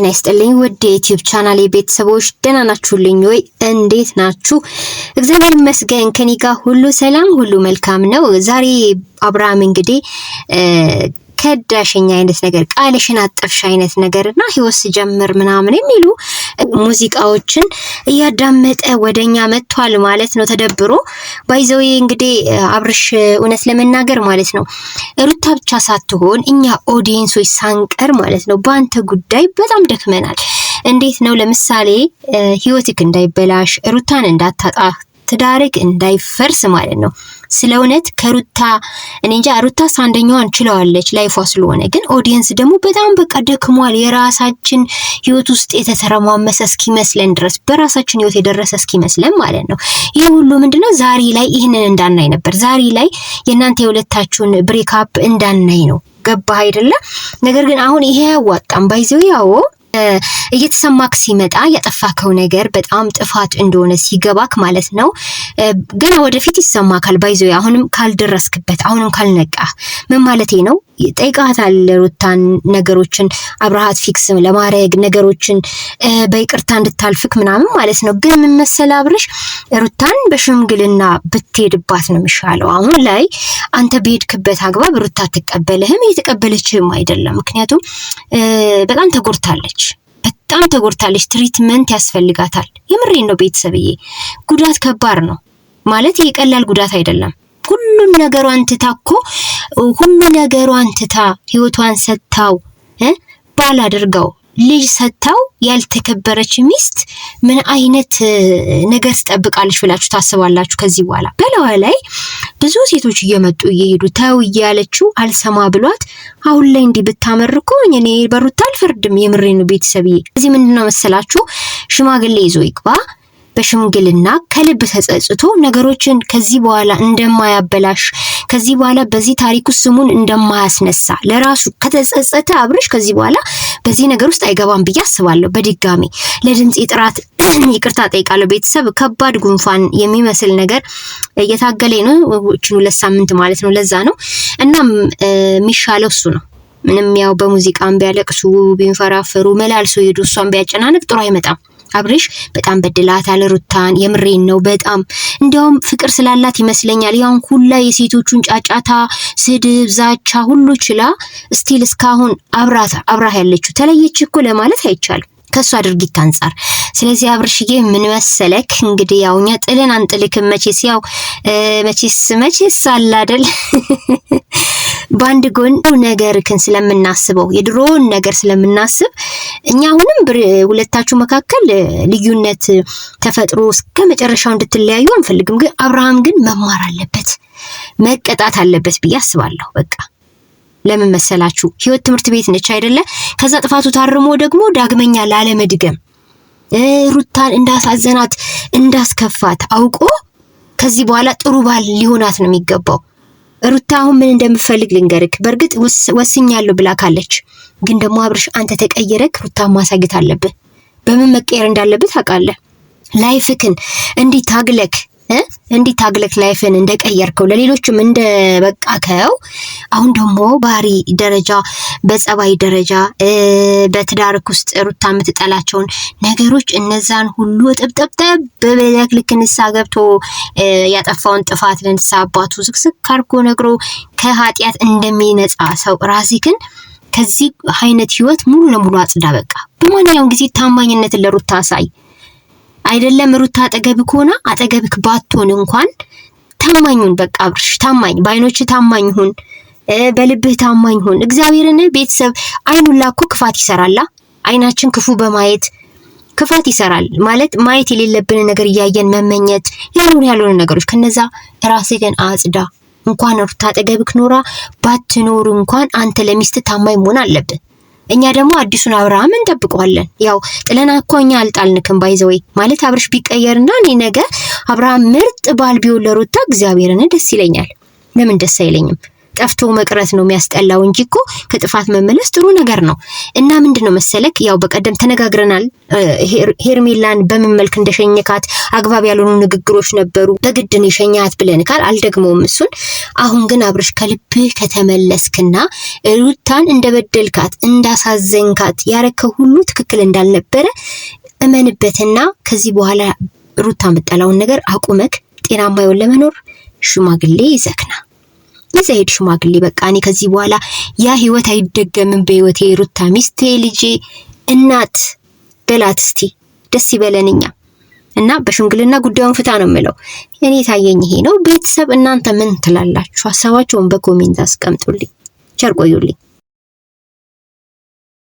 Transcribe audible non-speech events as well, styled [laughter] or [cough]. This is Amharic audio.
ጤና ይስጥልኝ ውድ የዩቲዩብ ቻናል ቤተሰቦች ደህና ናችሁልኝ ወይ? እንዴት ናችሁ? እግዚአብሔር ይመስገን ከኔ ጋር ሁሉ ሰላም፣ ሁሉ መልካም ነው። ዛሬ አብርሃም እንግዲህ ከዳሸኝ አይነት ነገር ቃልሽን አጠፍሽ አይነት ነገር እና ህይወት ስጀምር ምናምን የሚሉ ሙዚቃዎችን እያዳመጠ ወደኛ መጥቷል ማለት ነው። ተደብሮ ባይዘዌ እንግዲህ አብርሽ እውነት ለመናገር ማለት ነው ሩታ ብቻ ሳትሆን እኛ ኦዲየንሶች ሳንቀር ማለት ነው በአንተ ጉዳይ በጣም ደክመናል። እንዴት ነው ለምሳሌ ህይወትክ እንዳይበላሽ ሩታን እንዳታጣ ትዳርክ እንዳይፈርስ ማለት ነው። ስለ እውነት ከሩታ እኔ እንጃ ሩታስ አንደኛዋን ችለዋለች ላይፏ ስለሆነ፣ ግን ኦዲየንስ ደግሞ በጣም በቃ ደክሟል። የራሳችን ህይወት ውስጥ የተተረማመሰ እስኪመስለን ድረስ በራሳችን ህይወት የደረሰ እስኪመስለን ማለት ነው። ይህ ሁሉ ምንድነው ዛሬ ላይ ይህንን እንዳናይ ነበር። ዛሬ ላይ የእናንተ የሁለታችሁን ብሬክአፕ እንዳናይ ነው። ገባህ አይደለ? ነገር ግን አሁን ይሄ ያዋጣም ባይዘው ያው እየተሰማክ ሲመጣ ያጠፋከው ነገር በጣም ጥፋት እንደሆነ ሲገባክ ማለት ነው። ገና ወደፊት ይሰማካል። ባይዞ አሁንም ካልደረስክበት፣ አሁንም ካልነቃ ምን ማለቴ ነው? ይጠይቃታል ሩታን ነገሮችን አብርሃት ፊክስ ለማድረግ ነገሮችን በይቅርታ እንድታልፍክ ምናምን ማለት ነው። ግን ምን መሰለህ አብርሽ ሩታን በሽምግልና ብትሄድባት ነው የሚሻለው። አሁን ላይ አንተ በሄድክበት አግባብ ሩታ አትቀበልህም፣ እየተቀበለችህም አይደለም። ምክንያቱም በጣም ተጎድታለች በጣም ተጎድታለች። ትሪትመንት ያስፈልጋታል። የምሬን ነው ቤተሰብዬ፣ ጉዳት ከባድ ነው ማለት ይህ ቀላል ጉዳት አይደለም። ሁሉም ነገሯን ትታኮ። ሁሉ ነገሯን ትታ ህይወቷን ሰጥታው ባል አድርገው ልጅ ሰጥታው ያልተከበረች ሚስት ምን አይነት ነገር ትጠብቃለች ብላችሁ ታስባላችሁ? ከዚህ በኋላ በለዋ ላይ ብዙ ሴቶች እየመጡ እየሄዱ ተው እያለችው አልሰማ ብሏት፣ አሁን ላይ እንዲህ ብታመር እኮ እኔ በሩታ አልፈርድም። የምሬኑ ቤተሰብዬ እዚህ ምንድነው መሰላችሁ ሽማግሌ ይዞ ይግባ በሽምግልና ከልብ ተጸጽቶ ነገሮችን ከዚህ በኋላ እንደማያበላሽ ከዚህ በኋላ በዚህ ታሪክ ውስጥ ስሙን እንደማያስነሳ ለራሱ ከተጸጸተ አብርሽ ከዚህ በኋላ በዚህ ነገር ውስጥ አይገባም ብዬ አስባለሁ። በድጋሚ ለድምፅ ጥራት [clears throat] ይቅርታ ጠይቃለሁ። ቤተሰብ ከባድ ጉንፋን የሚመስል ነገር እየታገለ ነው፣ እችን ሁለት ሳምንት ማለት ነው። ለዛ ነው እና የሚሻለው እሱ ነው። ምንም ያው በሙዚቃም ቢያለቅሱ ቢንፈራፈሩ መላልሶ ሄዱ እሷን ቢያጨናንቅ ጥሩ አይመጣም። አብሬሽ በጣም በድላታል ሩታን። የምሬን ነው በጣም እንዲያውም ፍቅር ስላላት ይመስለኛል ያን ሁላ የሴቶቹን ጫጫታ፣ ስድብ፣ ዛቻ ሁሉ ችላ ስቲል እስካሁን አብራት አብራህ ያለችው ተለየች እኮ ለማለት አይቻልም ከእሷ ድርጊት አንጻር። ስለዚህ አብርሽዬ ምን መሰለክ እንግዲህ ያው እኛ ጥልን አንጥልክም መቼስ ያው መቼስ መቼስ አለ አይደል [laughs] በአንድ ጎን ነገርክን ስለምናስበው የድሮውን ነገር ስለምናስብ እኛ አሁንም ሁለታችሁ መካከል ልዩነት ተፈጥሮ እስከ መጨረሻው እንድትለያዩ አንፈልግም። ግን አብርሃም ግን መማር አለበት መቀጣት አለበት ብዬ አስባለሁ። በቃ ለምን መሰላችሁ? ህይወት ትምህርት ቤት ነች አይደለ? ከዛ ጥፋቱ ታርሞ ደግሞ ዳግመኛ ላለመድገም ሩታን እንዳሳዘናት እንዳስከፋት አውቆ ከዚህ በኋላ ጥሩ ባል ሊሆናት ነው የሚገባው። ሩታ አሁን ምን እንደምፈልግ ልንገርክ። በእርግጥ ወስኛለሁ ብላ ካለች ግን ደግሞ አብርሽ አንተ ተቀየረክ፣ ሩታ ማሳየት አለብህ። በምን መቀየር እንዳለብህ ታውቃለህ። ላይፍክን እንዲህ ታግለክ እንዲህ ታግለክ ላይፍን እንደቀየርከው ለሌሎችም እንደበቃከው አሁን ደግሞ ባህሪ ደረጃ በጸባይ ደረጃ በትዳርክ ውስጥ ሩታ የምትጠላቸውን ነገሮች እነዛን ሁሉ ጥብጥብጥብ በበለክ ልክ ንስሐ ገብቶ ያጠፋውን ጥፋት ለንስሐ አባቱ ዝቅዝቅ አድርጎ ነግሮ ከኃጢአት እንደሚነጻ ሰው ራስህን ከዚህ አይነት ህይወት ሙሉ ለሙሉ አጽዳ። በቃ በማንኛውም ጊዜ ታማኝነትን ለሩታ አሳይ። አይደለም ሩታ አጠገብክ ሆና አጠገብክ ባትሆን እንኳን ታማኝን በቃ አብርሽ ታማኝ፣ በአይኖች ታማኝ ሁን፣ በልብህ ታማኝ ሁን። እግዚአብሔርን ቤተሰብ አይኑላ እኮ ክፋት ይሰራላ። አይናችን ክፉ በማየት ክፋት ይሰራል ማለት ማየት የሌለብን ነገር እያየን መመኘት፣ ያልሆኑ ያልሆኑ ነገሮች ከነዛ ራስህን አጽዳ። እንኳን ሩታ አጠገብክ ኖራ ባትኖር እንኳን አንተ ለሚስት ታማኝ መሆን አለብን። እኛ ደግሞ አዲሱን አብርሃም እንጠብቀዋለን። ያው ጥለና እኮ እኛ አልጣልንክም። ባይዘወይ ማለት አብርሽ ቢቀየርና እኔ ነገ አብርሃም ምርጥ ባል ቢሆን ለሩታ እግዚአብሔርን ደስ ይለኛል። ለምን ደስ አይለኝም? ጠፍቶ መቅረት ነው የሚያስጠላው እንጂ እኮ ከጥፋት መመለስ ጥሩ ነገር ነው። እና ምንድን ነው መሰለክ ያው በቀደም ተነጋግረናል። ሄርሜላን በምን መልክ እንደሸኘካት አግባብ ያልሆኑ ንግግሮች ነበሩ። በግድን የሸኛት ብለንካል። አልደግመውም እሱን። አሁን ግን አብረሽ ከልብህ ከተመለስክና ሩታን እንደበደልካት እንዳሳዘንካት ያረከው ሁሉ ትክክል እንዳልነበረ እመንበትና ከዚህ በኋላ ሩታ የምጠላውን ነገር አቁመክ ጤናማ ይሆን ለመኖር ሽማግሌ ይዘክና እንደዛ ሄድ ሽማግሌ በቃ እኔ ከዚህ በኋላ ያ ህይወት አይደገምም በህይወቴ የሩታ ሚስቴ ልጄ እናት በላት እስቲ ደስ ይበለንኛ እና በሽምግልና ጉዳዩን ፍታ ነው የምለው። እኔ የታየኝ ይሄ ነው። ቤተሰብ እናንተ ምን ትላላችሁ? ሀሳባቸውን በኮሜንት አስቀምጡልኝ። ቸር ቆዩልኝ።